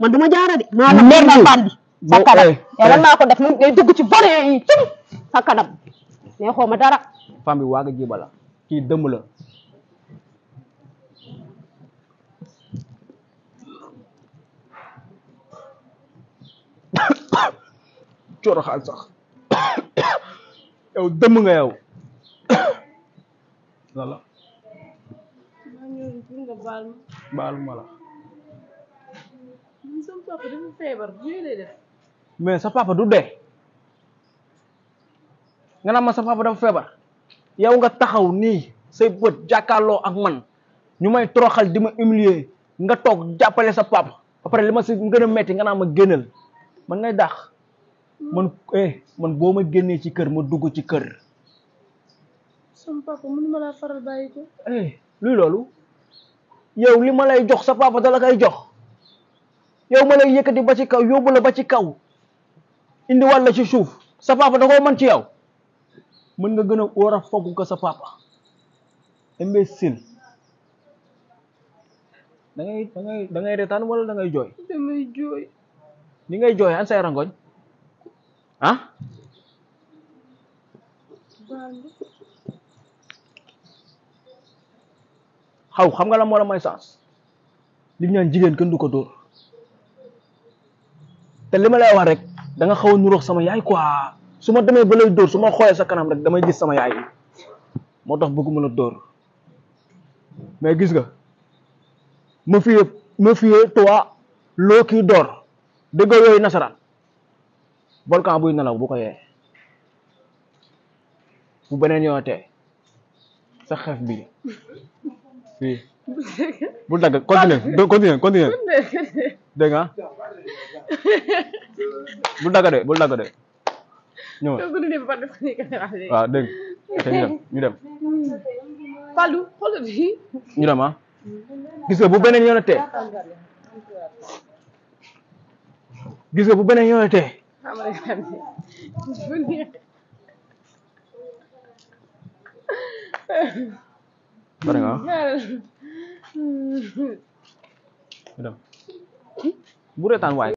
man duma jaara de maa la mer na bandi sa kanam eh. yow lan ci yi cim sa kanam mais ma dara femme waaga jiba kii dëmm la coroxaan sax yow dëmm nga yow lala ñu sëñ papa dafa feebar yooyu lay def mais sa papa du ya, dee nga naan ma sa papa dafa feebar yow ya, nga taxaw nii say bët jàkkaarloo ak man ñu may toroxal di ma humilier nga toog sa papa après metti nga ma man ngay man eh man boo ma muduku ci kër ma dugg ci kër papa mënu ma faral eh luy loolu yow ya, li ma lay jox sa papa da la jox yow ma lay yëkkati ba ci kaw yobul la ba ci kaw indi wala ci suuf sa papa da ko mën ci yow mën nga gëna wara fogu ko sa papa imbécile da ngay da ngay da ngay retaan wala da ngay joy da ngay joy ni ngay joy an say rangoñ ah xaw xam nga la mo la may sans li ñaan jigen kenn du ko door te li ma lay wax rek danga xaw a nuróox sama yaay quoi su ma demee ba lay dóor su ma xoolee sa kanam rek damay gis sama yaay moo tax bëgguma la dóor gis nga ma fiye ma fiye toi loo kii dóor dëgg yooyu nasaraan volcan buy nelaw bu ko yee bu beneen yootee sa xef bi bu dagg continue continue continue bu dagg de bul de. ñëw waaw dégg nga ñu dem ñu dem. Fallou xoolal fii. ñu dem ah. gis nga bu beneen yoon tee. gis nga bu beneen yoon tee. pare nga ah. bu retaan waay.